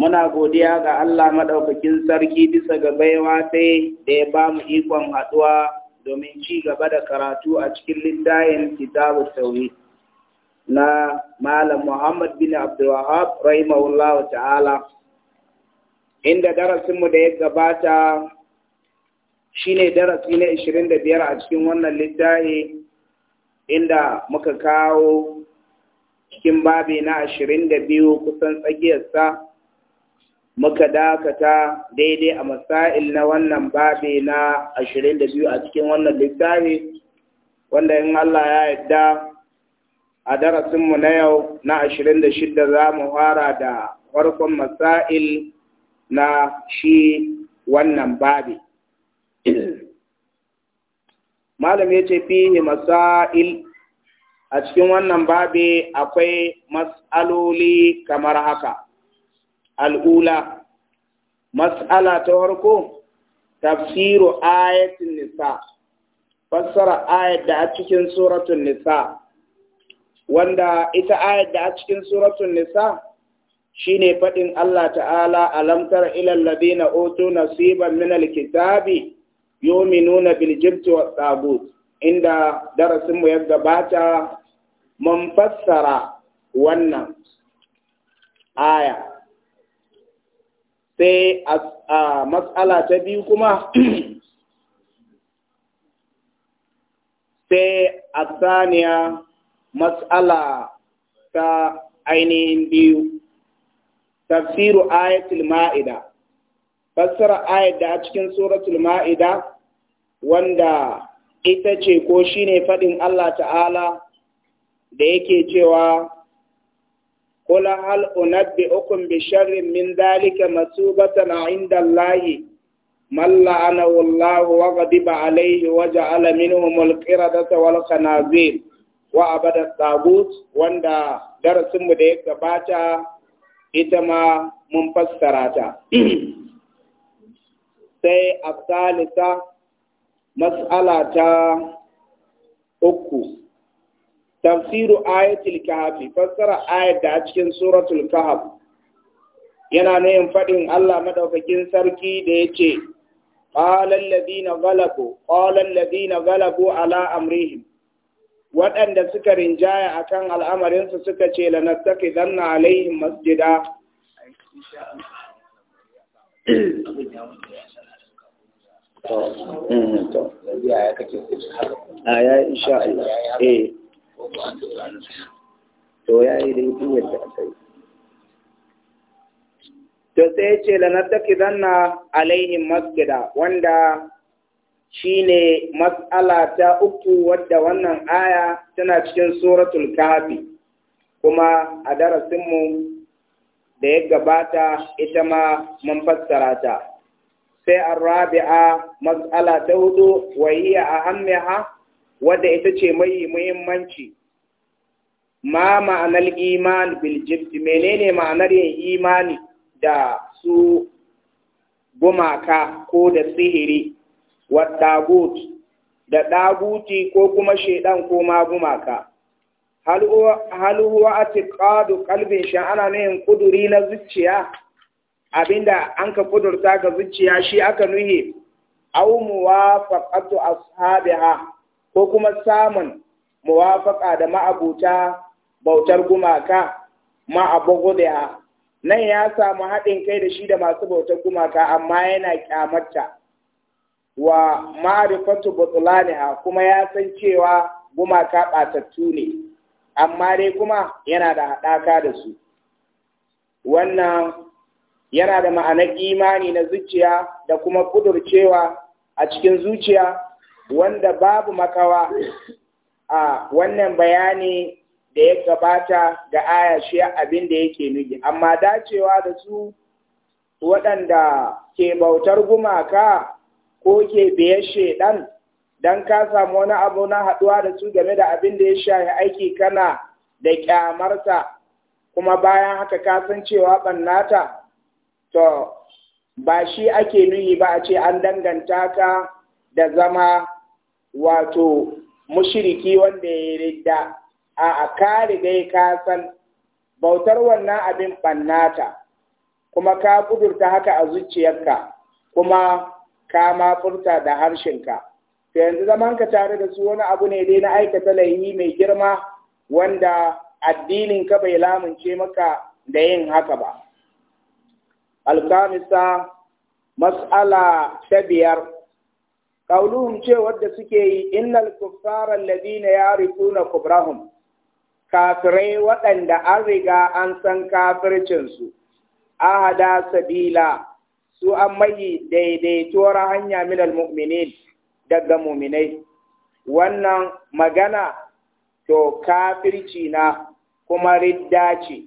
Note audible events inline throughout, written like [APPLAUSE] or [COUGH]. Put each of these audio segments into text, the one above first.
muna godiya ga Allah maɗaukakin sarki bisa ga baiwa sai da ya ba mu ikon haɗuwa domin ci gaba da karatu a cikin littayin kitabu tauhid na Malam Muhammad bin Abdulwahab Rahimahullah ta'ala inda darasinmu da ya gabata shine darasi na 25 a cikin wannan littafi inda muka kawo cikin babi na 22 kusan tsakiyarsa muka dakata daidai a masail na wannan babi na 22 a cikin wannan littafi wanda in Allah ya yadda a darasinmu na yau na 26 za mu fara da farkon masail na shi wannan babi. Malam ya ce fiye masail a cikin wannan babi akwai mas'aloli kamar haka. al'ula mas'ala ta farko tafsiru ayatin nisa fassara ayat da a cikin suratun nisa wanda ita ayat da a cikin suratun nisa shine faɗin Allah ta'ala alamtar ilal ladina na nasiban min alkitabi yu'minuna nuna jibti wa tagut inda darasin mu ya gabata mun fassara wannan aya sai a matsala ta biyu kuma sai a saniya matsala ta ainihin biyu tafsiru ayatul ma'ida fassara ayat da a cikin suratul ma'ida wanda ita ce ko shine faɗin Allah ta'ala da yake cewa Kula hal unabbi ukun bishiyar min dalilai masu gwatsa na lahi malla ana wallahu waƙa diba alaihi wajen alammin mulki rarraba walkanagun wa'aba da tsabotu, wanda darasimu da ya gabata ita ma mun fassara ta, sai a mas'alata uku tafsiru ayatul kahf fassara ayat da a cikin suratul kahf yana nayin fadin Allah madaukakin sarki da yace qala alladhina ghalabu qala alladhina ghalabu ala amrihim waɗanda suka rinjaya akan al'amarinsu suka ce lanattakidanna alaihim masjida to mm, to ya to ya yi da yi yadda aka yi to sai ce ki zanna masgida wanda shine mas'ala ta uku wadda wannan aya tana cikin suratul kafi kuma a darasinmu da ya gabata ita ma mun fassara ta sai an rabi a mas'ala ta hudu wa yi a hannu ha wadda ita ce mai muhimmanci ma ma'anar imani biljibti menene ma'anar yin imani da su gumaka ko da sihiri wadda da daguti ko kuma shaidan ko ma gumaka hal huwa atiqadu qalbin shan ana nuhin kuduri na zuciya abinda an ka kudurta ga zuciya shi aka nuhi aw muwafaqatu ashabiha ko kuma samun muwafaka da ma'abuta bautar gumaka ma'abogodiya nan ya samu haɗin kai da shi da masu bautar gumaka amma yana kyamarta wa ma'arifatu batulaniha kuma ya san cewa gumaka ɓatattu ne amma dai kuma yana da haɗaka da su wannan yana da ma'anar imani na zuciya da kuma ƙudurcewa a cikin zuciya wanda babu makawa a wannan bayani da ya gabata ga aya shi abin da yake nufi amma dacewa da su waɗanda ke bautar gumaka ko ke biye shaidan don ka samu wani abu na haɗuwa da su game da abin da ya shafi aiki kana da kyamarta. kuma bayan haka kasancewa cewa ɓannata to ba shi ake nuhi ba a ce an danganta ka da zama wato mushiriki wanda ya ridda a kare dai ka san bautar wannan abin ɓannata kuma ka kudurta haka a zuciyarka kuma ka ma furta da harshenka to yanzu zamanka tare da su wani abu ne dai na aikata laihi mai girma wanda addinin ka bai lamunce maka da yin haka ba alkamisa mas'ala ta biyar Ƙauluhun ce wadda suke yi innal kuffara alladhina yarithuna kubrahum kafirai waɗanda an riga an san kafircinsu ahada sabila su an daidai daidaituwar hanya minal mu'minin daga mu'minai wannan magana to kafirci na kuma ridda ce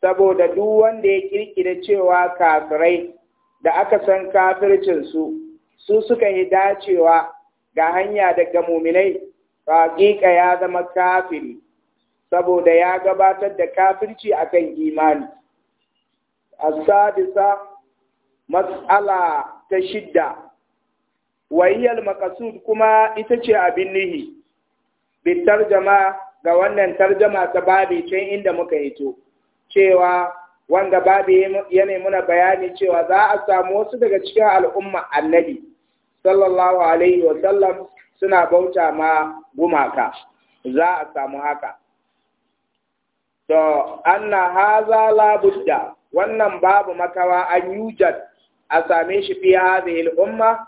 saboda duk wanda ya kirkira cewa kafirai da aka san kafircinsu su suka yi dacewa ga hanya daga muminai haƙiƙa ya zama kafiri saboda ya gabatar da kafirci akan imani A sadisa matsala ta shidda wayyal maqasud kuma ita ce abin nihi bi tarjama ga wannan tarjama ta babi can inda muka hito cewa wanda babi yana muna bayani cewa za a samu wasu daga cikin al'umma annabi sallallahu alaihi wa sallam suna bauta ma gumaka za a samu haka to anna haza la budda wannan babu makawa an yujad a same shi fi hadhihi al-umma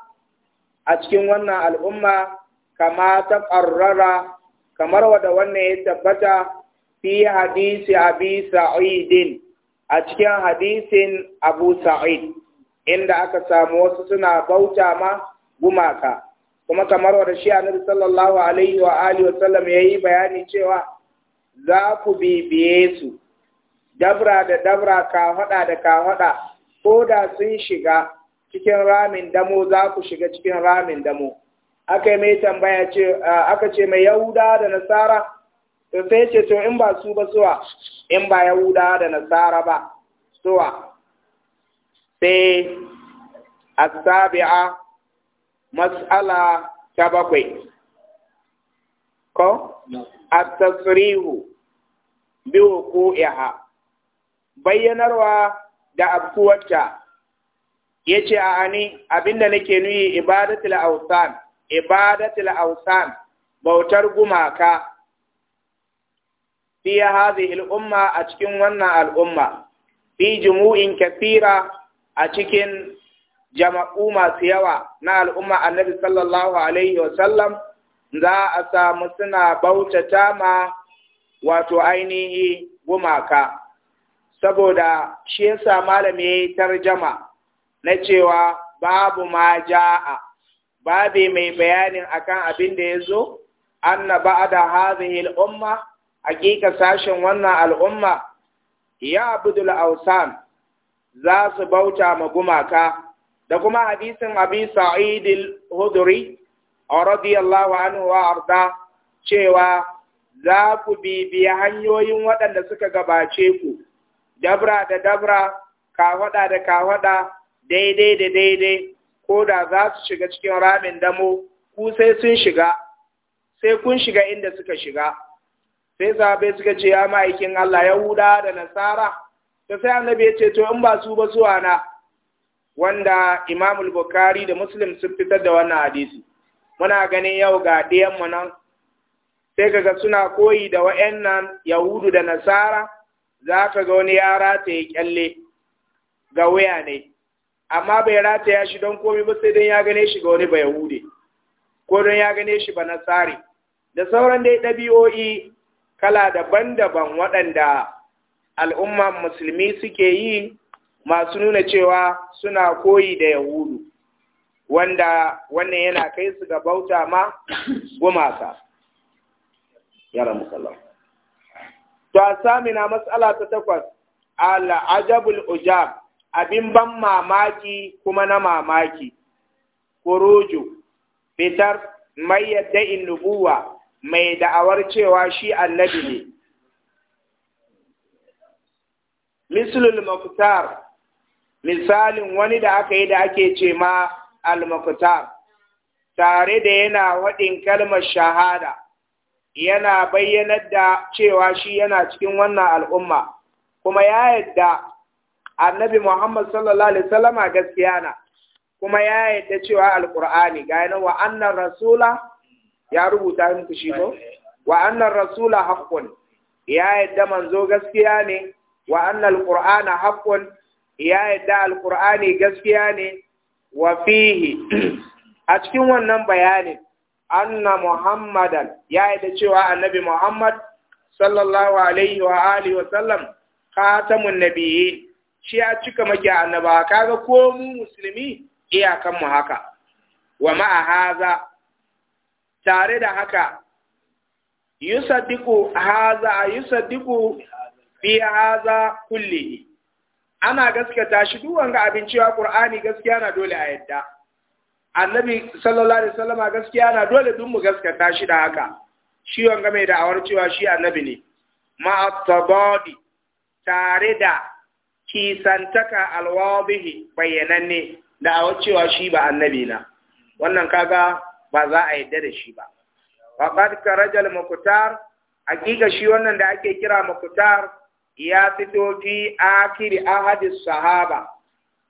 a cikin wannan al'umma kama ta qarrara kamar wanda wannan ya tabbata fi hadisi abi sa'idin a cikin hadisin abu sa'id inda aka samu wasu suna bauta ma gumaka kuma kamar wanda shi annabi sallallahu alaihi wa alihi wa sallam yayi bayani cewa za ku bibiye su dabra da dabra ka hada da ka hada ko da sun shiga cikin ramin damo za ku shiga cikin ramin damo aka mai tambaya ce aka ce mai yahuda da nasara to sai ce to in ba su ba suwa in ba yahuda da nasara ba suwa sai asabi'a mas'ala ta bakwai ko tasirihu biyu ko yaha. bayyanarwa da afkuwarta ce a ani abinda nake nuyi ibadatul awsan ibadatul la'ausan bautar gumaka fi hadhihi umma a cikin wannan al'umma fi jumu'in kafira a cikin jama'u masu yawa na al'umma annabi sallallahu alaihi wasallam za a samu suna bautata ma wato ainihi gumaka saboda shi yasa malami ya yi na cewa babu ma ja'a babe mai bayanin akan abin da ya zo anna ba'da da al-umma hakika sashen wannan al'umma ya abdul ausan za su bauta ma gumaka da kuma hadisin abi sa'id al-hudri radiyallahu anhu wa arda cewa za ku bibiya hanyoyin waɗanda suka gabace ku dabra da dabra kawada da kawada daidai da daidai ko da za su shiga cikin ramin damo ku sai sun shiga sai kun shiga inda suka shiga sai sahabai suka ce ya ma'aikin Allah Yahuda da Nasara ta sai annabi ya ce to in ba su ba suwa na wanda Imam Bukhari da Muslim sun fitar da wannan hadisi muna ganin yau ga ɗayan mu nan sai kaga suna koyi da wayannan Yahudu da Nasara za ka ga wani ya rataye kyalle ga waya ne amma bai rataya shi don komai ba sai don ya gane shi ga wani ba Yahudi ko don ya gane shi ba Nasari da sauran dai ɗabi'o'i kala daban-daban waɗanda al'umma musulmi suke yi masu nuna cewa suna koyi da yahudu wanda wannan yana kai su ga bauta ma gumaka yara musallam to a samina matsala ta takwas al'ajabul ujab abin ban mamaki kuma na mamaki kuroju fitar mai yadda in mai da'awar cewa shi annabi ne mislul mafitar. misalin wani da aka yi da ake ce ma al tare da yana waɗin kalmar shahada yana bayyanar da cewa shi yana cikin wannan al'umma kuma ya yadda annabi Muhammad sallallahu alaihi wasallama gaskiya na kuma ya yadda cewa al’ur'ani ga yana wa rasula ya rubuta muku shi ko wa annar rasula haƙƙun ya yadda manzo gaskiya ne wa annal haƙƙun". ya yadda alkur'ani gaskiya ne wa fihi a cikin wannan bayanin anna muhammadan ya yadda cewa annabi muhammad sallallahu alaihi wa alihi wa sallam khatamun nabiyyi shi ya cika maki annaba kaga ko mu musulmi iyakan mu haka wa ma haza tare da haka yusaddiqu haza yusaddiqu fi haza kullihi ana gaskata shi duk wanga abin cewa Qur'ani gaskiya na dole a yadda Annabi sallallahu alaihi wasallama gaskiya na dole duk mu gaskata shi da haka shi wanga mai da'awar cewa shi Annabi ne ma tare da kisantaka alwadihi bayyananne da'awar cewa shi ba Annabi na wannan kaga ba za a yadda da shi ba faqad karajal muqtar hakika shi wannan da ake kira muqtar ya fito fi akiri ahadi sahaba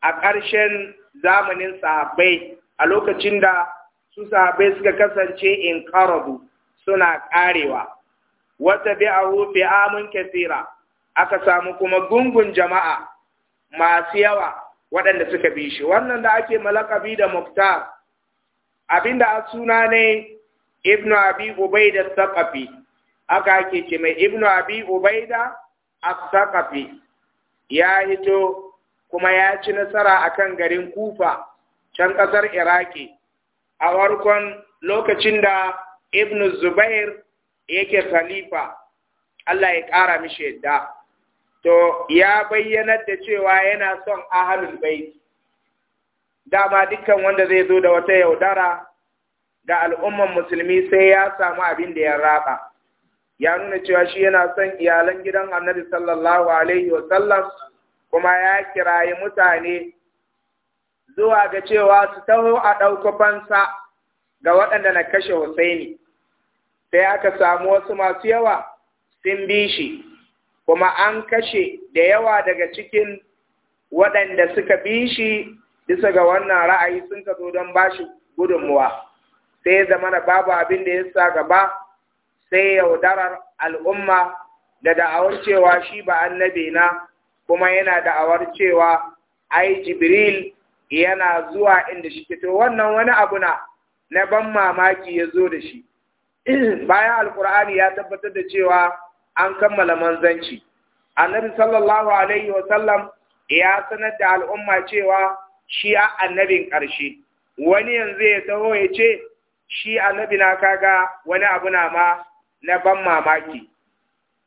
a ƙarshen zamanin sahabai a lokacin da su sahabai suka kasance in karabu suna ƙarewa wata a bi'ahu Amun kafira aka samu kuma gungun jama'a masu yawa waɗanda suka bi shi wannan da ake malakabi da muktar abinda a suna ne ibnu abi ubaida saqafi aka ake ce mai ibnu abi ubaida as-Saqafi ya hito kuma ya ci nasara akan garin Kufa can ƙasar Iraki a farkon lokacin da Ibn Zubair yake khalifa Allah ya ƙara mishi yadda to ya bayyanar da cewa yana son ahalul bait dama dukkan wanda zai zo da wata yaudara ga al'umman musulmi sai ya samu abin da ya raba ya nuna cewa shi yana son iyalan gidan annabi sallallahu alaihi sallam kuma ya kirayi mutane zuwa ga cewa su taho a ɗauko fansa ga waɗanda na kashe Husaini sai aka samu wasu masu yawa sun bi shi kuma an kashe da yawa daga cikin waɗanda suka bi shi bisa ga wannan ra'ayi sun ka zo don ba shi gudunmuwa sai ya zama babu abin da ya sa gaba sai yaudarar al'umma da da'awar cewa shi ba annabi na kuma yana da'awar cewa ai jibril yana zuwa inda shi fito wannan wani abu na na ban mamaki ya zo da shi [CLEARS THROAT] bayan alkur'ani ya tabbatar da cewa an kammala manzanci annabi sallallahu alaihi wasallam ya sanar da al'umma cewa shi annabin ƙarshe wani yanzu ya taho ya ce shi annabi na kaga wani abu na ma na ban mamaki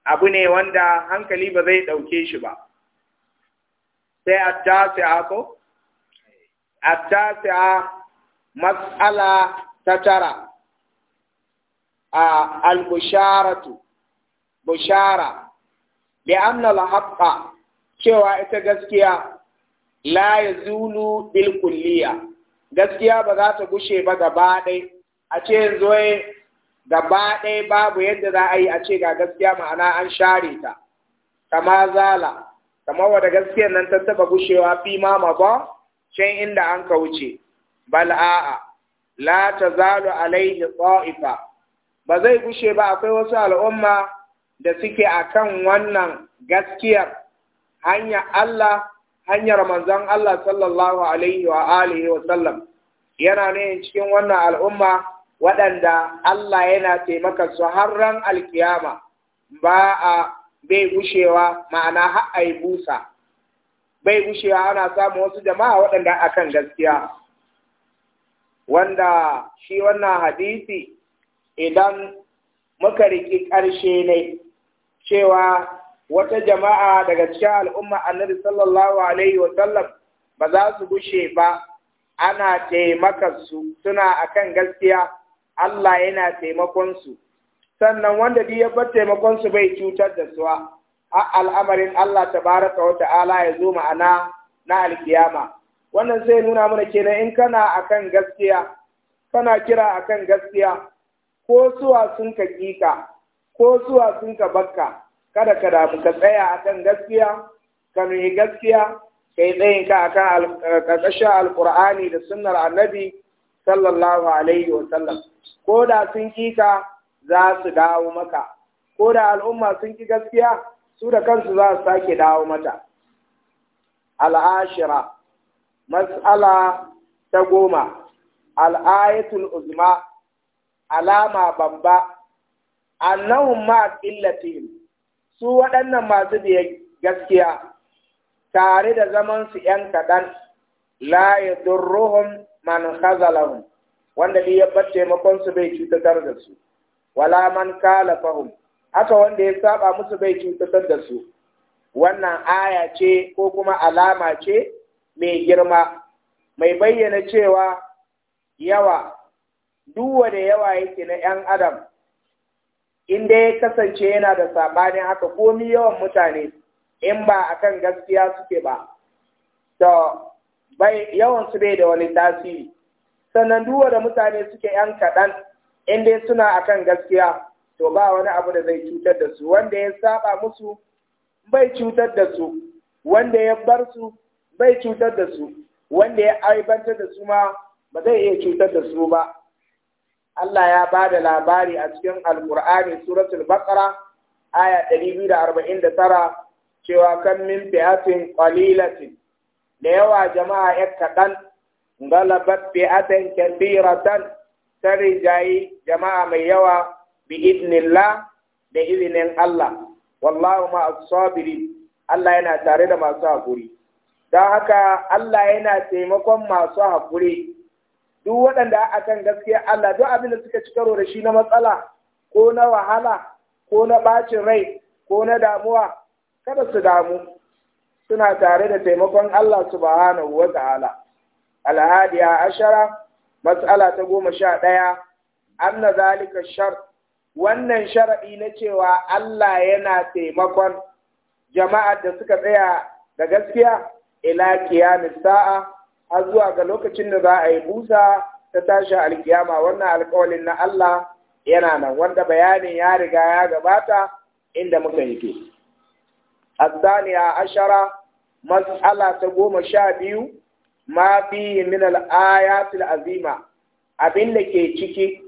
abu ne wanda hankali ba zai ɗauke shi ba sai a tasi a ko? a tasi a matsala ta tara a al-busharatu bushara li'anna al-haqqa cewa ita gaskiya la yazulu bil kulliya gaskiya ba za ta gushe ba gaba ɗaya a ce yanzu gaba ɗaya babu yadda za a yi a ce ga gaskiya ma'ana an share ta kama zala kama wadda gaskiyar nan ta taba gushewa fi ma mabo can inda an ka wuce la a'a la alaihi ta'ifa ba zai gushe ba akwai wasu al'umma da suke a kan wannan gaskiyar hanyar Allah hanyar manzon Allah sallallahu alaihi wa alihi wa sallam yana ne cikin wannan al'umma waɗanda Allah yana taimaka su har ran alkiyama ba a bai gushewa ma'ana ha'ai busa bai gushewa ana samun wasu jama'a waɗanda akan gaskiya wanda shi wannan hadisi idan muka riki ƙarshe ne cewa wata jama'a daga cikin al'umma annabi sallallahu alaihi wa sallam ba za su gushe ba ana taimakansu su suna akan gaskiya Allah yana taimakon su sannan wanda duk ya bar taimakon su bai cutar da suwa a al'amarin Allah tabaraka wa ta'ala ya zo ma'ana na alkiyama wannan sai nuna mana kenan in kana akan gaskiya kana kira akan gaskiya ko suwa sun ka kika ko suwa sun ka bakka kada ka damu ka tsaya akan gaskiya ka nuyi gaskiya ka yi tsayin ka kan ƙarƙashin alƙur'ani da sunnar annabi sallallahu alaihi wa sallam ko da sun kika za su dawo maka ko da al'umma sun ki gaskiya su da kansu za su sake dawo mata al'ashira mas'ala ta goma al'ayatul uzma alama babba annahum ma illatihim su waɗannan masu da gaskiya tare da zaman su ‘yan kaɗan la yadurruhum man khazalahum wanda ne ya taimakon su bai cutar da su wala man kala fahum haka wanda ya saba musu bai cutar da su wannan aya ce ko kuma alama ce mai girma mai bayyana cewa yawa duwa da yawa yake na 'yan adam inda ya kasance yana da saɓanin haka ko ni yawan mutane in ba a kan gaskiya suke ba to yawan su bai da wani tasiri sannan duwa da mutane suke ‘yan kaɗan in dai suna kan gaskiya to ba wani abu da zai cutar da su wanda ya saba musu bai cutar da su wanda ya bar su bai cutar da su wanda ya aibantar da su ma ba zai iya cutar da su ba Allah ya ba da labari a cikin alkur'ani suratul Baqara aya 249 cewa kan min fi'atin da yawa jama'a ya kaɗan غلبت فئة كثيرة ترجعي جماعة من يوى بإذن الله بإذن الله والله مع الصابرين Allah yana tare da masu haƙuri, don haka Allah yana taimakon masu haƙuri, duk waɗanda a kan gaskiya Allah duk abin da suka ci karo da shi na matsala, ko na wahala, ko na ɓacin rai, ko na damuwa, kada su damu, suna tare da taimakon Allah subhanahu wa hala. a ashara mas'ala ta goma sha ɗaya anna zalika shar wannan sharaɗi na cewa Allah yana taimakon jama'ar da suka tsaya da gaskiya ila qiyamis sa'a har zuwa ga lokacin da za a yi busa ta tashi alkiyama wannan alƙawalin na Allah yana nan wanda bayanin ya riga ya gabata inda muka yi azaniya ashara mas'ala ta goma sha biyu ma fi min al-ayatil azima abin da ke ciki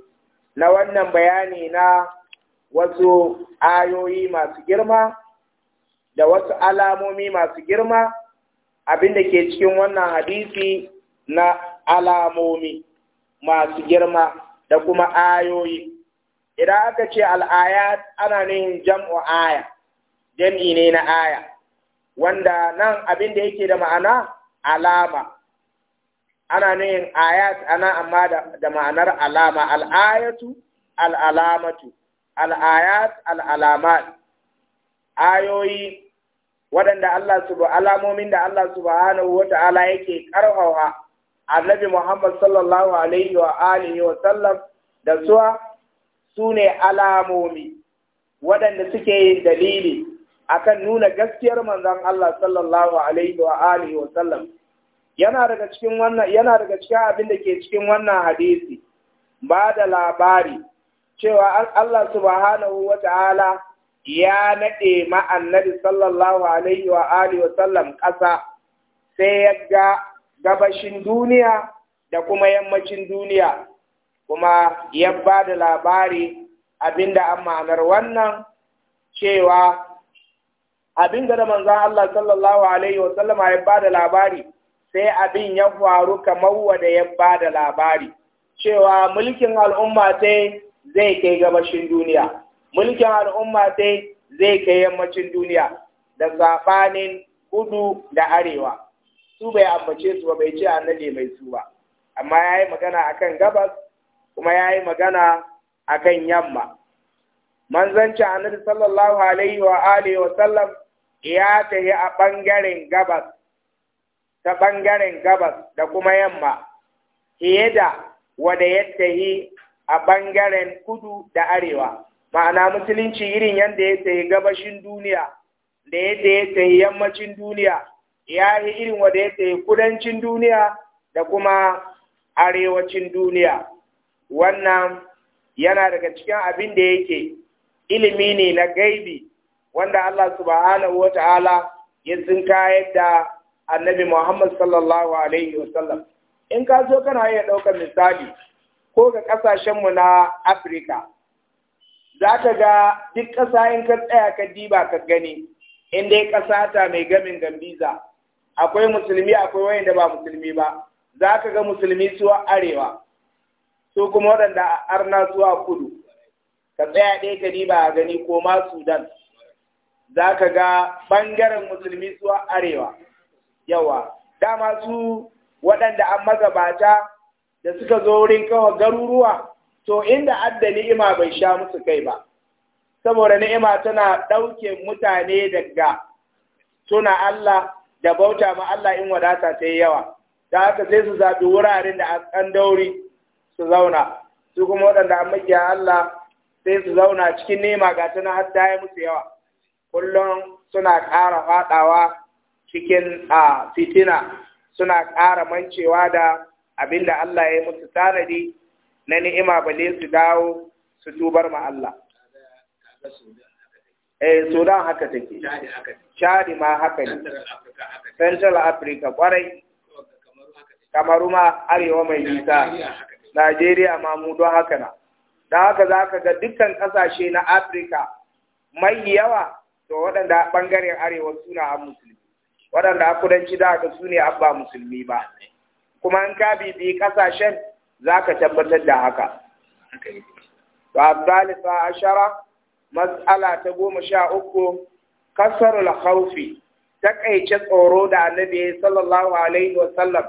na wannan bayani na wasu ayoyi masu girma da wasu alamomi masu girma abin da ke cikin wannan hadisi na alamomi masu girma da kuma ayoyi idan aka ce al'aya ana yin jam'u aya jam'i ne na aya wanda nan abin da yake da ma'ana alama ana nuhin ayat ana amma da ma'anar alama al'ayatu al'alamatu al'ayat al'alamat ayoyi waɗanda Allah suba alamomin da Allah subhanahu wa ta'ala yake karhawa annabi Muhammad sallallahu alaihi wa alihi wa sallam da suwa su ne alamomi waɗanda suke yin dalili akan nuna gaskiyar manzon Allah sallallahu alaihi wa alihi wa sallam yana daga cikin wannan yana daga cikin abin da ke cikin wannan hadisi ba da labari cewa Allah subhanahu wa ta'ala ya naɗe ma'annabi sallallahu alaihi wa alihi wa sallam ƙasa sai ya ga gabashin duniya da kuma yammacin duniya kuma ya ba da labari abinda an ma'anar wannan cewa abinda da manzon Allah sallallahu alaihi wa sallama ya ba da labari sai abin ya faru kamar wanda ya ba da labari cewa mulkin al'umma sai zai kai gabashin duniya mulkin al'umma sai zai kai yammacin duniya da saɓanin kudu da arewa su bai ambace su ba bai ce annabi mai su ba amma ya yi magana a kan gabas kuma ya yi magana a kan yamma manzanci annabi sallallahu alaihi wa alihi wa sallam ya tafi a ɓangaren gabas ta ɓangaren gabas da kuma yamma, fiye da wada yadda yi a ɓangaren kudu da arewa. Ma'ana musulunci irin yadda ya sayi gabashin duniya da yadda ya sayi yammacin duniya, ya yi irin wada ya sayi kudancin duniya da kuma arewacin duniya. Wannan yana daga cikin abin da yake ilimi ne na gaibi wanda Allah subhanahu wa ta'ala ya tsinka yadda annabi Muhammad sallallahu alaihi wasallam in ka zo kana iya ɗaukar misali ko ga ƙasashenmu na Afirka za ka ga duk ƙasa in ka tsaya ka diba ka gani in dai ƙasa ta mai gamin gambiza akwai musulmi akwai wayanda ba musulmi ba za ka ga musulmi suwa arewa su kuma waɗanda arna suwa kudu ka tsaya ɗaya ka diba a gani ko ma Sudan za ka ga ɓangaren musulmi suwa arewa yawa dama su waɗanda an magabata da suka zo wurin kawo garuruwa to inda adda ni'ima bai sha musu kai ba saboda ni'ima tana ɗauke mutane daga suna Allah da bauta ma Allah in wadata ta yi yawa da haka sai su zaɓi wuraren da an dauri su zauna su kuma waɗanda an makiya Allah sai su zauna cikin nema ga tana har ya musu yawa kullum suna ƙara faɗawa cikin a fitina suna ƙara mancewa da abin da Allah ya yi musu tanadi na ni'ima bale su dawo su tubar ma Allah. Eh, Sudan haka take. Chadi ma haka ne. Central Africa kwarai. Kamaru ma arewa mai nisa. Najeriya ma mu don haka na. Da haka za ka ga dukkan ƙasashe na Afirka mai yawa to waɗanda ɓangaren arewa suna a musulmi. waɗanda a kudanci da ga su ne an ba musulmi ba kuma an ka bibi ƙasashen za ka tabbatar da haka ba zalisa ashara matsala ta goma sha uku kasarul ta takaice tsoro da annabi sallallahu alaihi wa sallam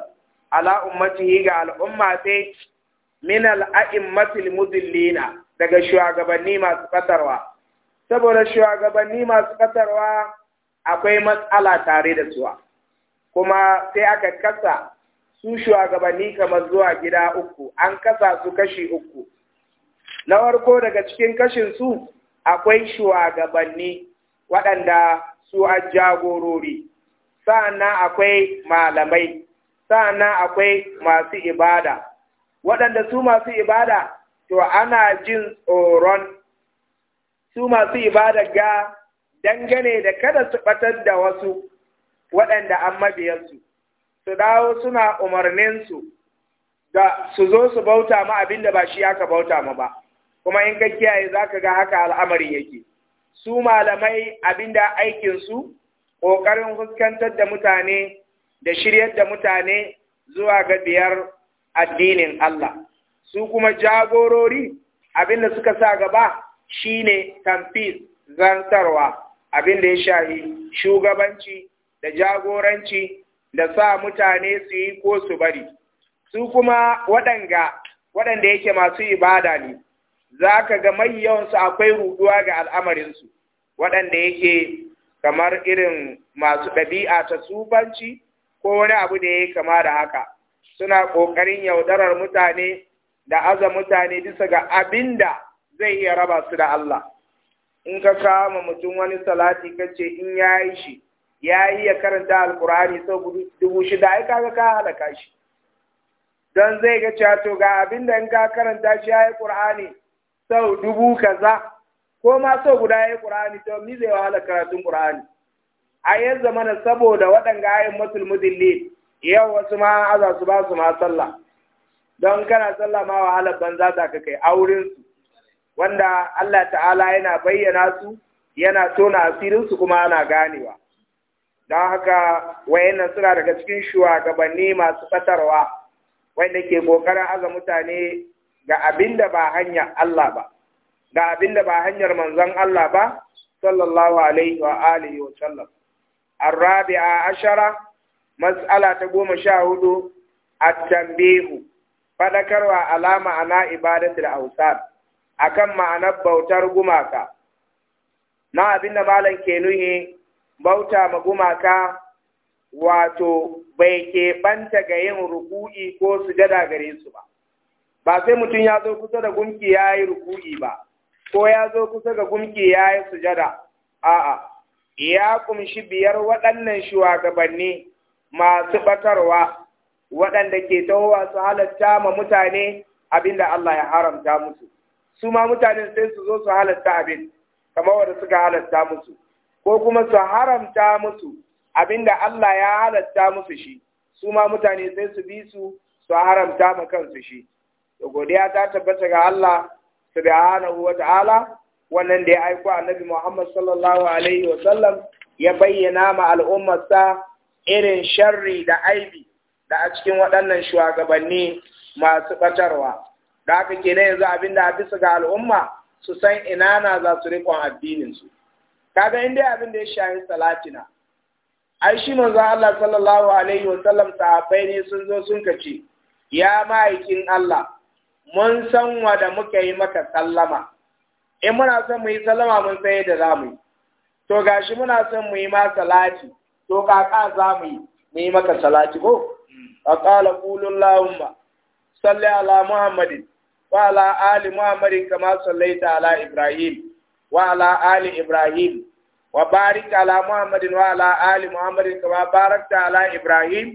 ala ummatihi ga al'umma sai min al'a'immatil mudillina daga shugabanni masu ƙasarwa. saboda shugabanni masu fatarwa akwai matsala tare da suwa kuma sai aka kasa su shugabanni kamar zuwa gida uku an kasa su kashi uku na farko daga cikin kashin su akwai shugabanni waɗanda su a jagorori sa'annan akwai malamai sa'annan akwai masu ibada waɗanda su masu ibada to ana jin tsoron su masu ibada ga dangane da kada su batar da wasu waɗanda an mabiyarsu su dawo suna umarninsu da su zo su bauta ma abin da ba shi aka bauta ma ba kuma in ka kiyaye za ka ga haka al’amari yake su malamai abin da aikinsu ƙoƙarin fuskantar da mutane da shiryar da mutane zuwa ga biyar addinin Allah su kuma jagorori abin da suka sa gaba shine tamfiz zantarwa abin da ya shahi shugabanci da jagoranci da sa mutane su yi ko su bari su kuma waɗanga waɗanda yake masu ibada ne za ka ga mai yawansu akwai ruduwa ga al'amarinsu waɗanda yake kamar irin masu ɗabi'a ta tsufanci ko wani abu da ya kama da haka suna ƙoƙarin yaudarar mutane da aza mutane bisa ga abin da zai iya raba su da Allah in ka kama mutum wani salati ka ce in ya yi shi ya yi ya karanta alkur'ani sau dubu shida ai kaga ka halaka shi don zai ga cewa to ga abin da in ka karanta shi ya yi ƙur'ani sau dubu kaza ko ma sau guda ya yi ƙur'ani to mi zai wahala karatun ƙur'ani. a yanzu mana saboda waɗanga ayin masul yau wasu ma aza su ba su ma sallah don kana sallah ma wahalar banza ta kai a wurinsu wanda Allah ta'ala yana bayyana su yana tona asirin su kuma ana ganewa don haka wayannan suna daga cikin shugabanni masu fatarwa wanda ke kokarin aza mutane ga abin da ba hanyar Allah ba ga abin da ba hanyar manzon Allah ba sallallahu alaihi wa alihi wa sallam الرابعة عشرة مسألة تقوم شاهد التنبيه فذكروا alama ana ibadatul الأوثان akan ma'anar bautar gumaka na abin da malam ke nuhi bauta ma gumaka wato bai ke banta ga yin ruku'i ko sujada gare su ba ba sai mutum ya zo kusa da gumki ya yi ruku'i ba ko ya zo kusa ga gumki ya yi sujada a'a ya kumshi biyar waɗannan shugabanni masu ɓatarwa waɗanda ke tahowa su halatta ma mutane abinda Allah ya haramta musu su ma mutanen sai su zo su halatta abin kamar wanda suka halatta musu ko kuma su haramta musu abinda Allah ya halatta musu shi su ma mutane sai su bi su su haramta ma kansu shi to godiya ta tabbata ga Allah subhanahu wa ta'ala wannan da ya aiko annabi Muhammad sallallahu alaihi wa sallam ya bayyana ma al'ummarsa irin sharri da aibi da a cikin waɗannan shugabanni masu ɓatarwa. da aka ke na yanzu abin da bisa ga al'umma su san ina na za su rikon addininsu kaga in dai abin da ya shayi salatina ai shi manzo Allah sallallahu alaihi wa sallam sahabbai ne sun zo sun kace ya ma'aikin Allah mun san wa da muka yi maka sallama in muna son mu yi sallama mun sai da mu yi to gashi muna son mu yi ma salati to kaka mu yi mu yi maka salati ko فقال قول اللهم صل ala Muhammadin. وعلى آل محمد كما صليت على إبراهيم وعلى آل إبراهيم وبارك على محمد وعلى آل محمد كما باركت على إبراهيم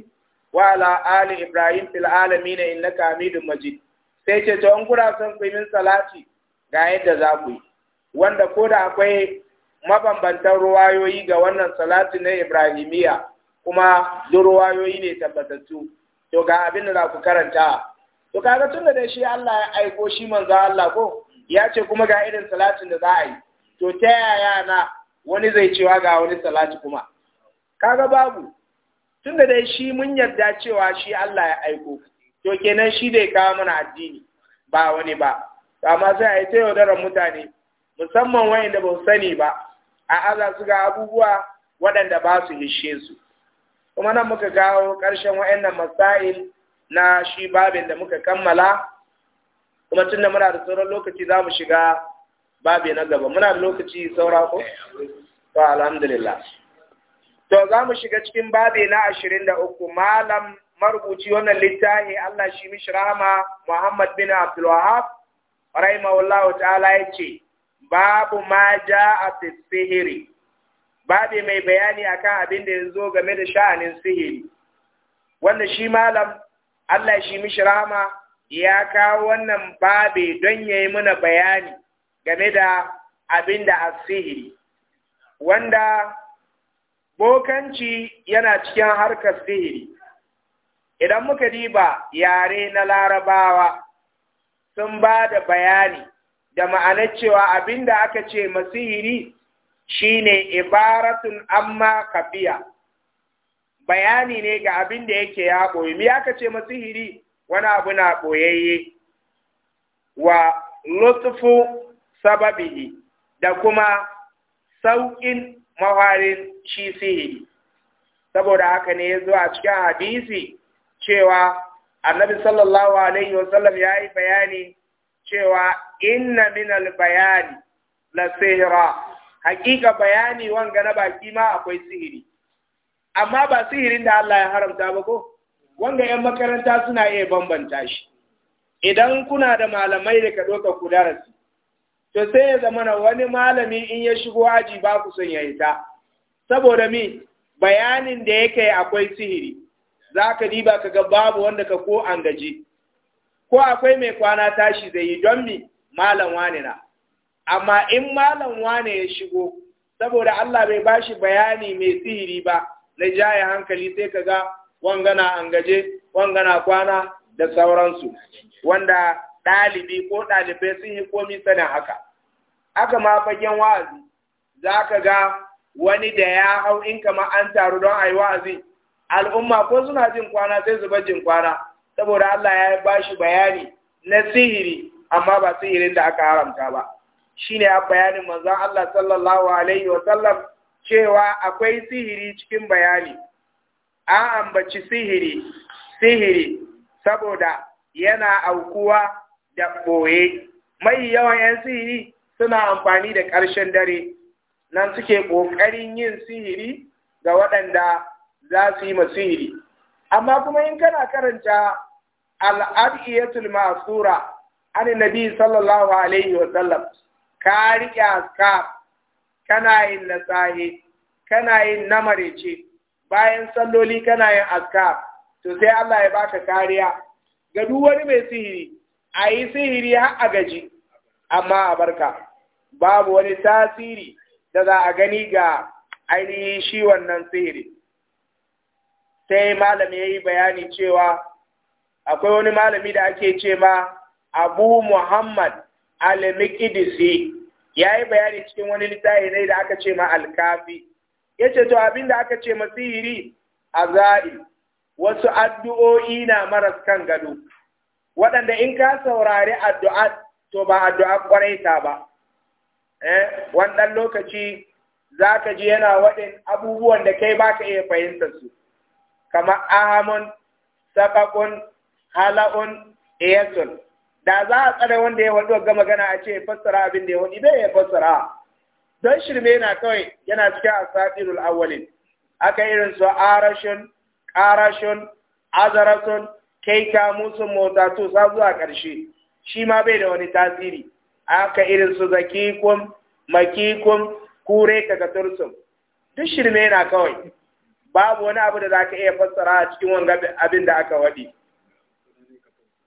وعلى آل إبراهيم في العالمين إنك حميد مجيد sai ce to an kuna son salati ga yadda za ku wanda ko da akwai mabambantan ruwayoyi ga wannan salati na Ibrahimiya kuma duk ruwayoyi ne tabbatattu to ga abin da za ku karanta to kaga tunda da shi Allah ya aiko shi manzo Allah ko ya ce kuma ga irin salatin da za a yi to ta yaya na wani zai cewa ga wani salati kuma kaga babu tunda dai shi mun yarda cewa shi Allah ya aiko to kenan shi dai kawo mana addini ba wani ba amma sai a yi ta yaudarar mutane musamman wayanda ba su sani ba a aza su ga abubuwa waɗanda ba su hishe su kuma nan muka kawo ƙarshen wayannan masail na shi babin da muka kammala kuma tun da muna da sauran lokaci za mu shiga babi na gaba muna da lokaci saura ko? to alhamdulillah to za mu shiga cikin babi na ashirin da uku malam marubuci wannan littafi Allah shi mishi rahama Muhammad bin Abdul Wahab rahimahullahu ta'ala yace babu ma jaa fi sihiri babi mai bayani akan abin da zo game da sha'anin sihiri wanda shi malam Allah shi mishi rahama ya kawo wannan babe don ya yi mana bayani game da abin da asihiri wanda bokanci yana cikin harkar sihiri idan muka diba yare na larabawa sun ba da bayani da ma'anar cewa abin da aka ce masihiri shine ibaratun amma kafiya bayani ne ga abin da yake ya ɓoye me aka ce masihiri wani abu na ɓoyayye wa lutfu sababihi da kuma sauƙin mawarin shi sihiri saboda haka ne ya zo a cikin hadisi cewa annabi sallallahu alaihi wasallam ya yi bayani cewa inna min bayani la sihira hakika bayani wanga na baki ma akwai sihiri amma ba sihirin da Allah ya haramta ba ko wanda 'yan makaranta suna iya bambanta shi idan kuna da malamai da ka doka ku darasi to sai ya zama na wani malami in ya shigo aji ba ku son ya ita saboda mi bayanin da yake akwai sihiri za ka diba ka ga babu wanda ka ko an gaji ko akwai mai kwana tashi zai yi don mi malam wane na amma in malam wane ya shigo saboda Allah bai bashi bayani mai sihiri ba lai jaye hankali sai ka ga wangana an gaje wangana kwana da sauransu wanda ɗalibi ko ɗalibai sun yi komi sanin haka aka ma fagen wa'azi za ka ga wani da ya hau in kama an taru don a yi wa'azi al'umma ko suna jin kwana sai su jin kwana saboda Allah ya ba shi bayani na sihiri amma ba sihirin da aka haramta ba shine a bayanin manzon Allah sallallahu alaihi wa sallam cewa akwai sihiri cikin bayani an ambaci sihiri sihiri saboda yana aukuwa da ɓoye mai yawan 'yan sihiri suna amfani da ƙarshen dare nan suke ƙoƙarin yin sihiri ga waɗanda za su yi sihiri. amma kuma in kana karanta al'adiyatul masura an nabi sallallahu alaihi wa ka riƙe kana yin na kana yin namare ce? bayan salloli kana yin aska. to sai Allah ya baka kariya ga duk wani mai sihiri a yi sihiri har a gaji amma a barka babu wani tasiri da za a gani ga ainihin shi wannan sihiri sai malami ya yi bayani cewa akwai wani malami da ake ce ma abu muhammad al miqdisi ya yi bayani cikin wani littafi ne da aka ce ma alkafi ya ce to abin da aka ce masihiri a za'i wasu addu'o'i na maras kan gado waɗanda in ka saurari addu'a to ba addu'a kwarai ta ba eh wannan lokaci za ka ji yana waɗin abubuwan da kai baka iya fahimtar su kamar amun sabakun hala'un iyasun da za a tsara wanda ya waɗo ga magana a ce fassara abin da ya waɗi bai ya fassara don shirme yana kawai yana cikin asatirul awwalin aka irin su arashun, karashin azarasun kai kamusun motatu sa zuwa ƙarshe shi ma bai da wani tasiri aka irin su zakikun makikun kure kakatursun duk shirme yana kawai babu wani abu da za ka iya fassara a cikin wani abin da aka waɗi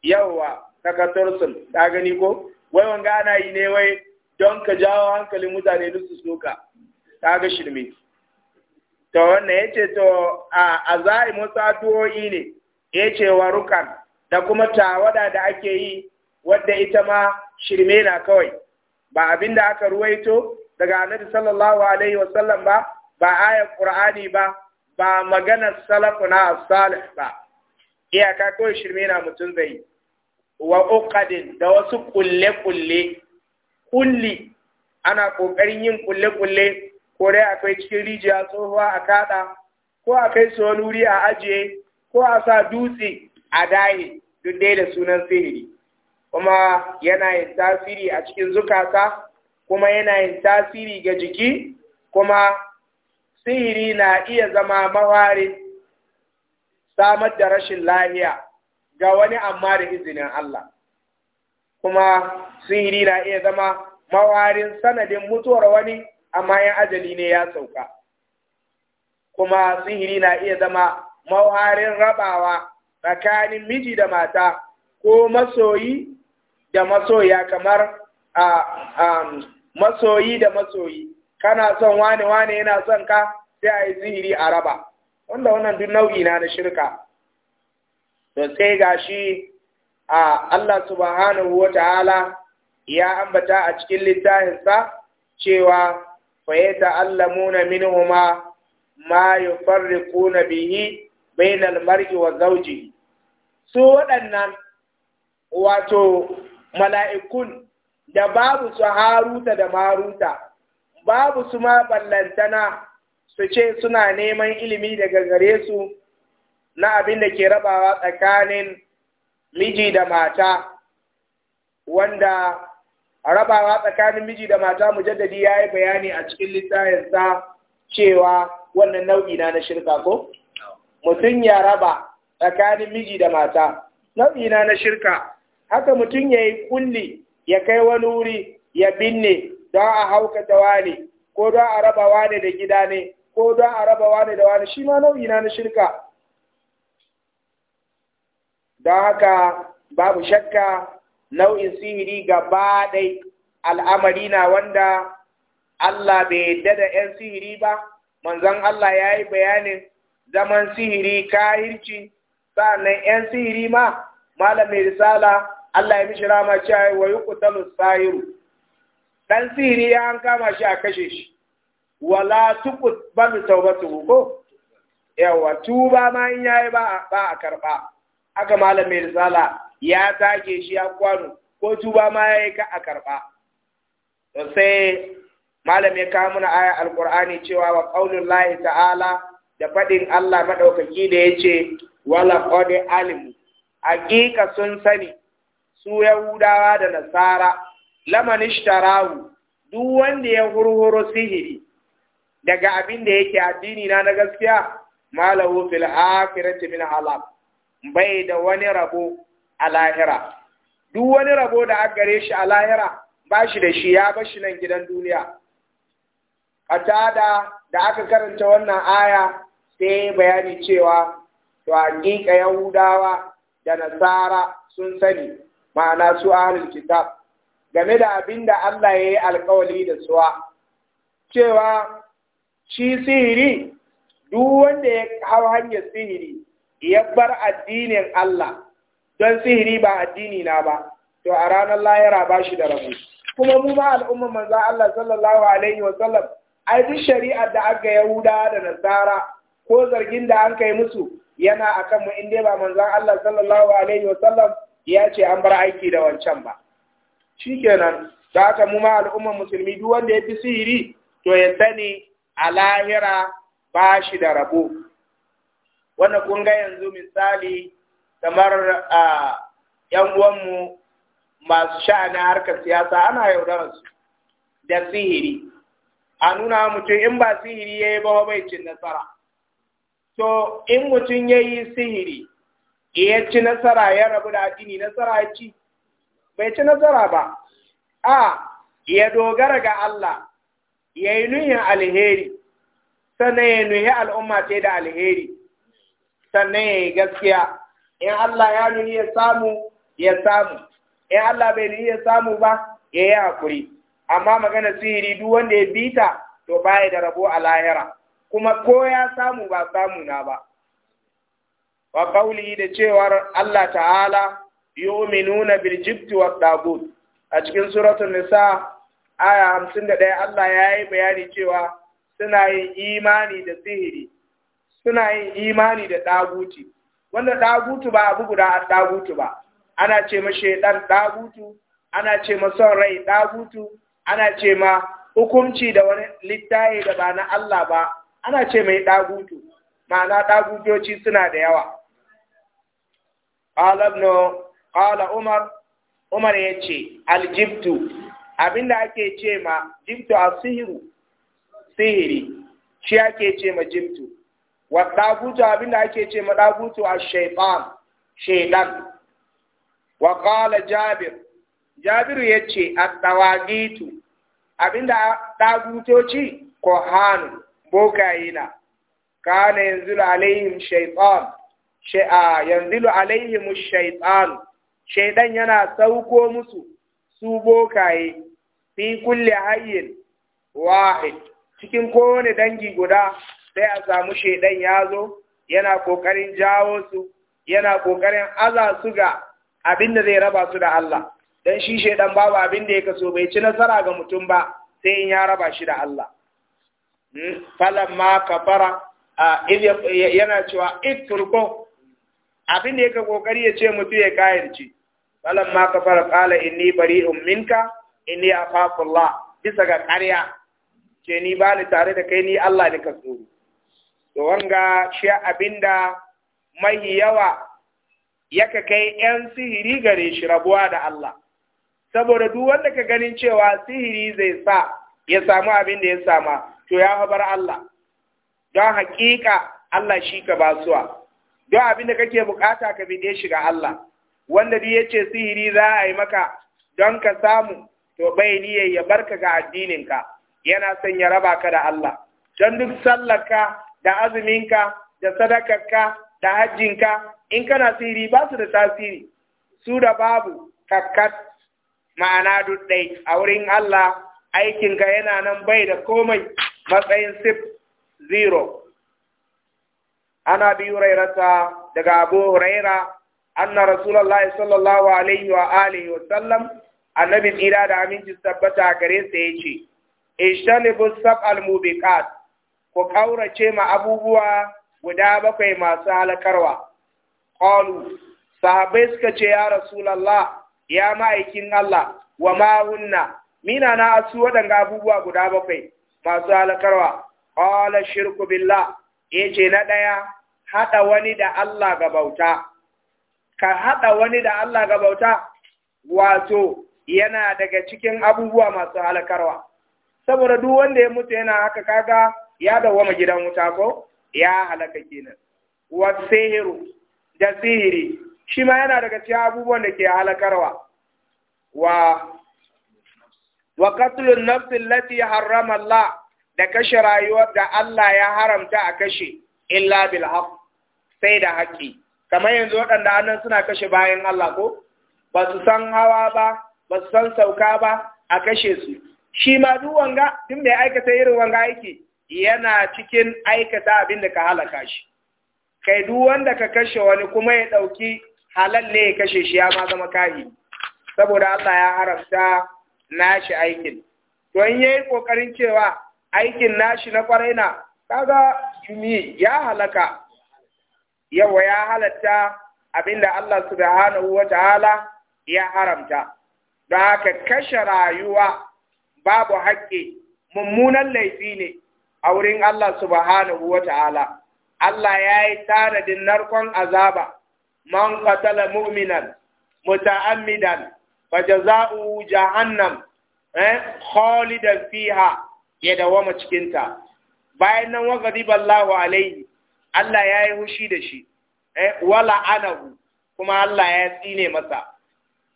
yawwa takatarsun ta gani ko wai wanga ana yi ne wai don ka jawo hankalin mutane duk su soka ta ga shirme to wannan ya ce to a za'imu satuwoyi ne ya ce wa da kuma tawada da ake yi wadda ita ma shirme na kawai ba abin da aka ruwaito daga annabi sallallahu alaihi wasallam ba ba ayar qur'ani ba ba maganar salafu na salih ba iyaka kawai shirme na mutum zai yi wa da wasu ƙulle-ƙulle, ƙulli ana ƙoƙarin yin ƙulle-ƙulle, ko dai akwai cikin rijiya tsohuwa a kaɗa ko a kai su wuri a ajiye ko a sa dutse a daye duk dai da sunan sihiri kuma yana yin tasiri a cikin zukata kuma yana yin tasiri ga jiki kuma sihiri na iya zama mawarin samar da rashin lahiya ga wani amma da izinin Allah kuma sihiri na iya zama mawarin sanadin mutuwar wani amma yan ajali ne ya sauka kuma sihiri na iya zama mawarin rabawa tsakanin miji da mata ko masoyi da masoya kamar a masoyi da masoyi kana son wane wane yana son ka sai a yi zihiri a raba wanda wannan duk nau'i na na shirka to sai gashi a Allah subhanahu wa ta'ala ya ambata a cikin littafinsa cewa fa yata'allamuna minhuma ma yufarriquna bihi bainal mar'i wa zawji su waɗannan wato mala'ikun da babu su haruta da maruta babu su ma ballantana su ce suna neman ilimi daga gare su na abin da ke rabawa tsakanin miji da mata wanda rabawa tsakanin miji da mata mujaddadi ya yi bayani a cikin littafinsa cewa wannan nau'i na na shirka ko? Mutum ya raba tsakanin miji da mata, nau'i na na shirka, haka mutum ya yi kulli ya kai wani wuri ya binne don a haukata wani, ko don a raba wani da gida ne, ko don a raba wani da wani, shi ma nau'i na na shirka. don haka babu shakka nau'in sihiri gaba ɗai al'amari na wanda Allah bai yadda da ‘yan sihiri ba, manzon Allah ya yi bayanin zaman sihiri kahirci, sa'annan ‘yan sihiri ma, malamin risala Allah ya mishi rama cewa wa yi kutalu sahiru. Ɗan sihiri ya an kama shi a kashe shi, wala mu balu taubatu ko? tuba ma in yayi ba a karɓa. aka malam mai risala ya tage shi ya kwano ko tuba ma ya yi ka a karɓa to sai malam ya kawo mana aya alqur'ani cewa wa ta'ala da faɗin Allah maɗaukaki da ya ce wala qad alimu haƙiƙa sun sani su yahudawa da nasara laman ishtarahu duk wanda ya hurhuru sihiri daga abin da yake addini na na gaskiya malahu fil akhirati min halak bai da wani rabo a lahira duk wani rabo da aka gare shi a lahira ba shi da shi ya bashi nan gidan duniya qatada da aka karanta wannan aya sai bayani cewa to hakika yahudawa da nasara sun sani ma'ana su ahlul kitab game da abin da Allah ya yi alkawali da suwa cewa shi sihiri duk wanda ya hau hanyar sihiri ya bar addinin Allah don sihiri ba addini na ba to a ranar lahira ba shi da rabu kuma mu ma al'ummar manzo Allah sallallahu alaihi wa sallam ai duk shari'ar da aka yahuda da nasara ko zargin da an kai musu yana akan mu inda ba manzo Allah sallallahu alaihi wa sallam ya ce an bar aiki da wancan ba shikenan da haka mu ma al'ummar musulmi duk wanda ya fi sihiri to ya sani a lahira ba shi da rabo wanda kun ga yanzu misali kamar a yan uwanmu masu sha na harkar siyasa ana yaudararsu? su da sihiri a nuna mutum in ba sihiri ya yi ba bai cin nasara to in mutum ya yi sihiri ya ci nasara ya rabu da addini nasara ya ci bai ci nasara ba a ya dogara ga Allah ya yi nuhin alheri sannan ya nuhi al'umma ce da alheri sannan ya yi gaskiya in Allah ya nuni ya samu ya samu in Allah bai nuni ya samu ba ya yi hakuri amma magana sihiri duk wanda ya bita to baya da rabo a lahira kuma ko ya samu ba samu na ba wa da cewar Allah ta'ala yu'minuna bil jibti wa tagut a cikin suratul nisa aya 51 Allah ya yi bayani cewa suna yin imani da sihiri suna yin imani da ɗaguti wanda ɗagutu ba abu guda a ɗagutu ba ana ce ma shaidan ɗagutu ana ce ma son rai ɗagutu ana ce ma hukunci da wani littaye da ba na Allah ba ana ce mai ɗagutu ma'ana ɗagutoci suna da yawa ƙala umar umar ya ce aljibtu abinda ake ce ma jibtu a sihiri shi ake ce ma jibtu wa dagutu abinda ake ce ma dagutu a shaitan shaidan wa qala jabir jabir ce, at-tawagitu abinda dagutoci ko hanu bogayina kana yanzilu alaihim shaitan yanzu yanzilu alaihim shaitan shaidan yana sauko musu su bokaye fi kulli hayyin wahid cikin kowane dangi guda sai a samu shaidan ya zo yana ƙoƙarin jawo su yana ƙoƙarin aza su ga abin da zai raba su da Allah dan shi shaidan babu abin da ya kaso bai ci nasara ga mutum ba sai in ya raba shi da Allah hmm? falamma kafara yana cewa itturko abin da yake kokari ya ce mutum ya kayarci falamma kafara qala inni bari'un minka inni akhafu Allah bisa ga ƙarya ce ni ba ni tare da kai ni Allah ne ka tsoro to wanga shi abinda mai yawa yaka kai 'yan sihiri gare shi rabuwa da Allah saboda duk wanda ka ganin cewa sihiri zai sa ya samu abin da ya sama to ya bar Allah don haƙiƙa, Allah shi ka basuwa don abin da kake bukata ka bide shi ga Allah wanda duk yace sihiri za a yi maka don ka samu to bai niyyar ya barka ga addininka yana son ya raba ka da Allah don duk sallaka. da azuminka da sadakarka da hajjinka in kana siri ba su da tasiri su da babu kakkat ma'ana duddai a wurin Allah aikinka yana nan bai da komai matsayin sif zero ana bi rairata daga abu huraira anna rasulullahi sallallahu alaihi wa alihi wa sallam annabi tsira da aminci tabbata gare sa yace ishtalibu al mubiqat ku ƙaurace ma abubuwa guda bakwai masu halakarwa. Ƙalu, sahabai suka ce ya Rasulallah, ya ma'aikin Allah, wa mahunna, mina na asu waɗanga abubuwa guda bakwai masu halakarwa. Ƙala shirku billah, ya ce na ɗaya, haɗa wani da Allah ga bauta. Ka haɗa wani da Allah ga bauta, wato, yana daga cikin abubuwa masu halakarwa. Saboda duk wanda ya mutu yana haka kaga ya dawwama gidan wuta ko ya halaka kenan wa sihiru da sihiri shi ma yana daga cikin abubuwan da ke halakarwa wa wa qatlun nafs allati harrama Allah da kashe rayuwar da Allah ya haramta a kashe illa bil haqq sai da hakki. kamar yanzu waɗanda annan suna kashe bayan Allah ko ba su san hawa ba ba su san sauka ba a kashe su shi ma duk wanga duk mai aikata irin wanga yake yana cikin aikata abin da ka halaka shi kai duk wanda ka kashe wani kuma ya ɗauki halal ne ya kashe shi ya ma zama kahi saboda Allah ya haramta nashi aikin to in yayi ƙoƙarin cewa aikin nashi na kwarai na kaga yumi ya halaka yawa ya halatta abinda Allah hana subhanahu wataala ya haramta Da haka kashe rayuwa babu haƙƙi mummunan laifi ne a wurin Allah subhanahu wa ta'ala. Allah ya yi tanadin narkon azaba, man qatala mu'minan, muta'ammidan, fa jaza'u jahannam, eh, khalidan fiha ya dawama cikinta. Bayan nan wa ghadiballahu alaihi, Allah ya yi hushi da shi, eh, wala anahu, kuma Allah ya tsine masa,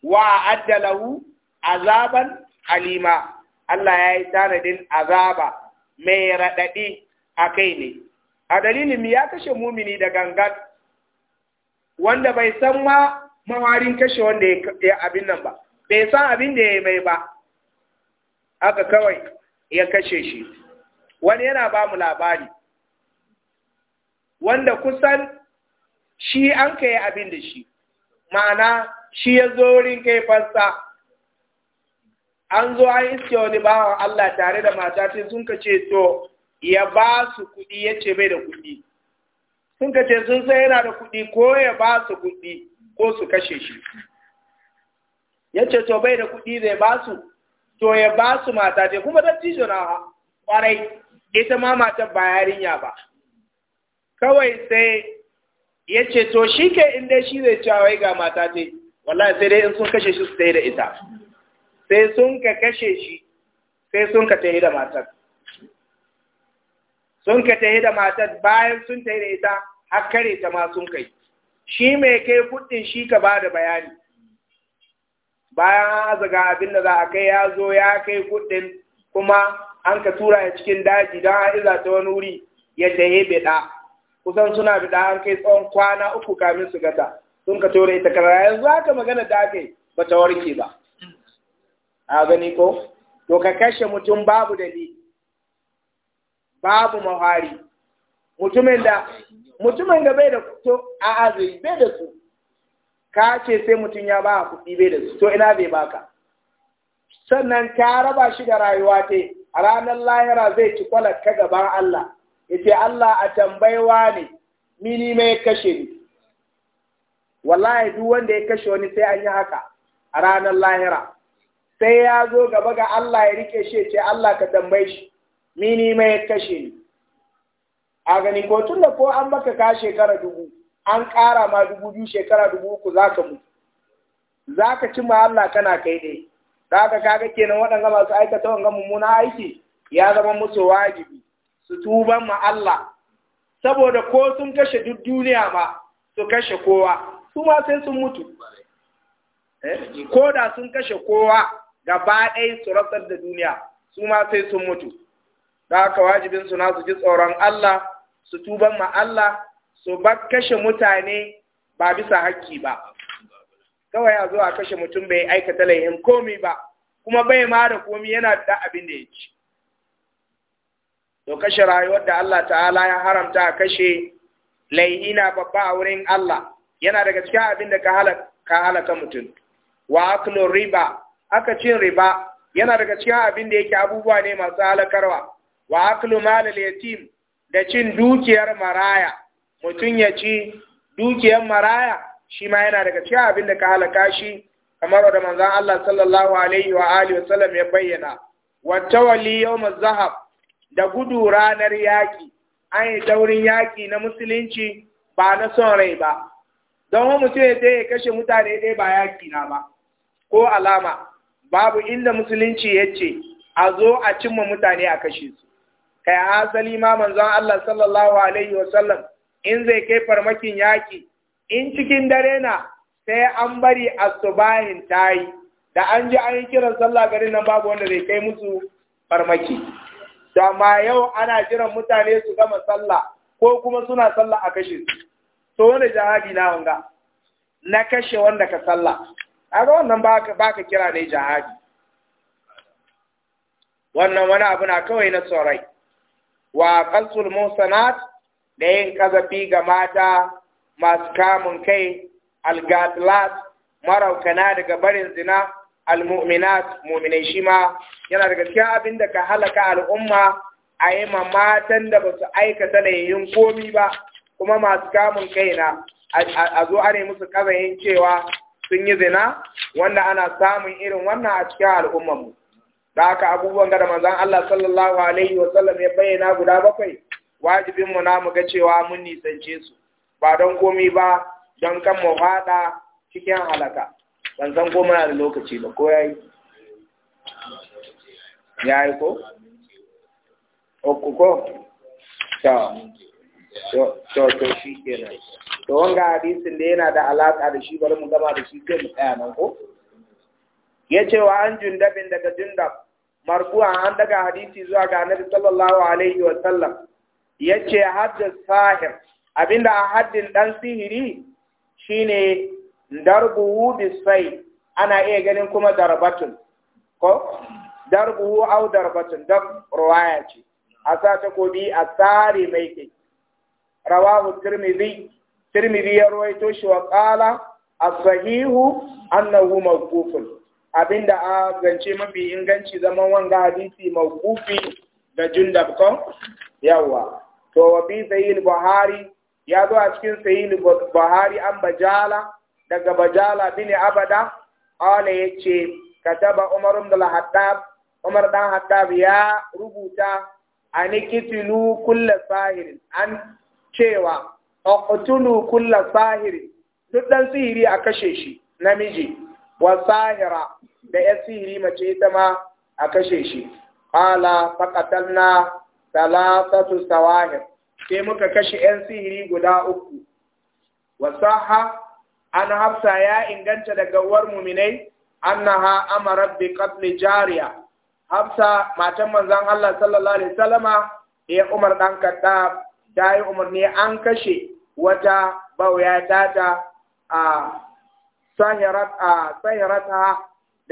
wa addalahu azaban halima, Allah ya yi tanadin azaba. mai raɗaɗi a kai ne a dalilin ya kashe mumini da gangan wanda bai san ma mawarin kashe wanda ya abin nan ba bai san abin da ya mai ba aka kawai ya kashe shi wani yana ba mu labari wanda kusan shi an kai abin da shi ma'ana shi ya zo wurin kai fassa an zo an iske wani bawan Allah tare da mata ce sun ka ce to ya ba su kuɗi ya ce bai da kuɗi sun ka ce sun sai yana da kuɗi ko ya ba su kuɗi ko su kashe shi ya ce to bai da kuɗi zai ba su to ya ba su mata ce kuma dattijo na kwarai ita ma matar ba yarinya ba kawai sai ya ce to shi ke inda shi zai cewa wai ga mata ce wallahi sai dai in sun kashe shi su sai da ita sai sun ka kashe shi sai sun ka tahi da matar sun ka tahi da matar bayan sun tahi da ita har kare ta ma sun kai shi mai kai kudin shi ka bada bayani bayan an azaga abin da za a kai ya zo ya kai kudin kuma an ka tura ya cikin daji don a iza ta wani wuri ya tahi bida kusan suna bida an kai tsawon kwana uku kamin su gata sun ka tura ita kara yanzu haka magana da aka yi bata warke ba a gani ko to ka kashe mutum babu dalili babu mahari mutumin da mutumin da bai da to a azuri bai da su ka ce sai mutum ya ba a kuɗi bai da su to ina bai baka sannan ka raba shi da rayuwa ta a ranar lahira zai ci kwalar ka gaban Allah ya ce Allah a tambaiwa ne mini mai kashe ni wallahi duk wanda ya kashe wani sai an yi haka a ranar lahira sai ya zo gaba ga Allah ya rike shi ce Allah ka tambaye shi ni ni mai kashe ni a gani ko tun da ko an baka ka shekara dubu an ƙara ma dubu biyu shekara dubu uku za ka mutu za ka ci ma Allah kana kai dai za ka kaga kenan waɗanda masu aikata wanga mummuna aiki ya zama musu wajibi su tuban ma Allah saboda ko sun kashe duk duniya ma su kashe kowa su ma sai sun mutu eh? ko da sun kashe kowa gaba ɗaya su rasar da duniya su ma sai sun mutu da haka wajibin su na su ji tsoron Allah su tuban ma Allah su bar kashe mutane ba bisa hakki ba kawai a zo a kashe mutum bai aikata laihin komi ba kuma bai ma da komi yana da abin da ya ci to kashe rayuwar da Allah ta'ala ya haramta a kashe laihina babba a wurin Allah yana daga cikin abin da ka halaka mutum wa aklu riba aka cin riba yana daga cikin abin da yake abubuwa ne masu halakarwa wa aklu malal yatim da cin dukiyar maraya mutum ya ci dukiyar maraya shi ma yana daga cikin abin da ka halaka shi kamar da manzon Allah sallallahu alaihi wa alihi wasallam ya bayyana wa tawalli yawm zahab da gudu ranar yaki an yi daurin yaki na musulunci ba na son rai ba don mutum ya ya kashe mutane ɗaya ba yaki na ba ko alama babu inda musulunci ya ce a zo a cimma mutane a kashe su kai asali ma manzon Allah sallallahu alaihi wasallam in zai kai farmakin yaƙi in cikin dare na sai an bari asubahin tayi da an ji an yi kiran sallah garin nan babu wanda zai kai musu farmaki to amma yau ana jiran mutane su gama sallah ko kuma suna sallah a kashe su to wanda jihadi na wanga na kashe wanda ka sallah aga wannan baka baka kira ne jihadi wannan wani abu na kawai na tsorai wa qasul musanat da yin kazafi ga mata masu kamun kai algatlat maraukana daga barin zina almu'minat mu'minai shi ma yana daga cikin abin da ka halaka al'umma a yi ma matan da ba su aikata da yin komi ba kuma masu kamun kai na a zo a musu kazayin cewa sun yi zina wanda ana samun irin wannan a cikin al'ummar mu da haka abubuwan da manzon Allah sallallahu alaihi wa sallam ya bayyana guda bakwai wajibinmu na muga cewa mun nisance su ba don komai ba don kan mu fada cikin halaka ban san ko muna da lokaci ba ko yayi yayi ko ko ko to to to shi to wanga hadisin da yana da alaka da shi bari mu gama da shi sai mu tsaya nan ko yace wa an jundabin daga jundab marfu'a an daga hadisi zuwa ga annabi sallallahu alaihi wa sallam yace hadda sahir abinda a haddin dan sihiri shine darbuhu bisai ana iya ganin kuma darbatun ko darbuhu au darbatun dab ruwaya ce a sa takobi a tsari mai kai rawahu tirmidhi tirmidhi ya ruwaito shi wa qala as-sahihu annahu mawqufun abinda a zance mafi inganci zaman wanga hadisi mawqufi da jundab ko yawa to wa bi buhari ya zo a cikin sahih buhari an bajala daga bajala bin abada ya yace kataba umar ibn al umar dan hattab ya rubuta an kitilu kullu sahir an cewa uqtulu kulla sahiri duk ɗan sihiri a kashe shi namiji wa sahira da ya sihiri mace ita ma a kashe shi qala na talatatu sawahir sai muka kashe yan sihiri guda uku wa saha an hafsa ya inganta daga war muminai annaha amara bi qatl jariya hafsa matan manzon Allah sallallahu alaihi wasallama ya umar dan kadda ta yi umarni an kashe wata bauya ta a ha da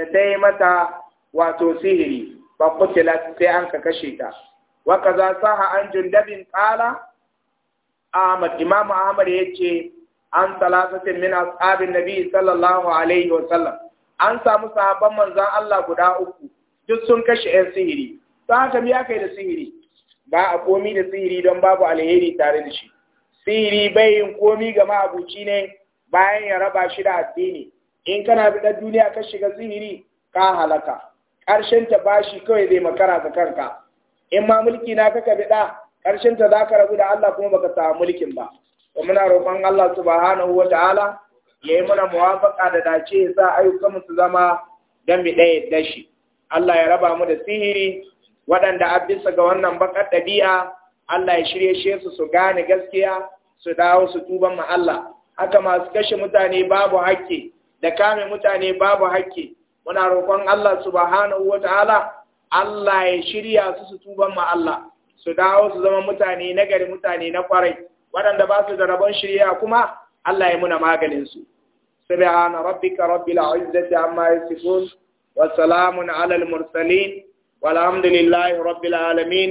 ta mata wato sihiri ba kutila sai an ka kashe ta ka za saha an jundabin kala Ahmad Imam Ahmad ya ce an salasatin min ashabin nabi sallallahu alaihi wa sallam an samu sahabban manzon Allah guda uku duk sun kashe yan sihiri ta ka biya kai da sihiri ba a komi da sihiri don babu alheri tare da shi sihiri bai yin komi ga ma'abuci ne bayan ya raba shi da addini in kana bi da duniya ka shiga sihiri ka halaka karshen ta bashi kawai zai makara ga kanka in ma mulki na kaka biɗa Karshenta ta zaka rabu da Allah kuma baka samu mulkin ba to muna roƙon Allah subhanahu wataala ya yi mana muwafaka da dace ya sa ayyukan mu su zama dan bi da shi. Allah ya raba mu da sihiri waɗanda a ga wannan bakar ɗabi'a Allah ya shirye shi su su gane gaskiya su dawo su tuban ma Allah haka masu kashe mutane babu hakki da kame mutane babu hakki muna roƙon Allah subhanahu wataala Allah ya shirya su su tuban ma Allah su dawo su zama mutane nagari mutane na kwarai waɗanda ba su da rabon shirya kuma Allah ya muna maganin su سبحان ربك رب العزة عما يصفون وسلام على المرسلين والحمد لله رب العالمين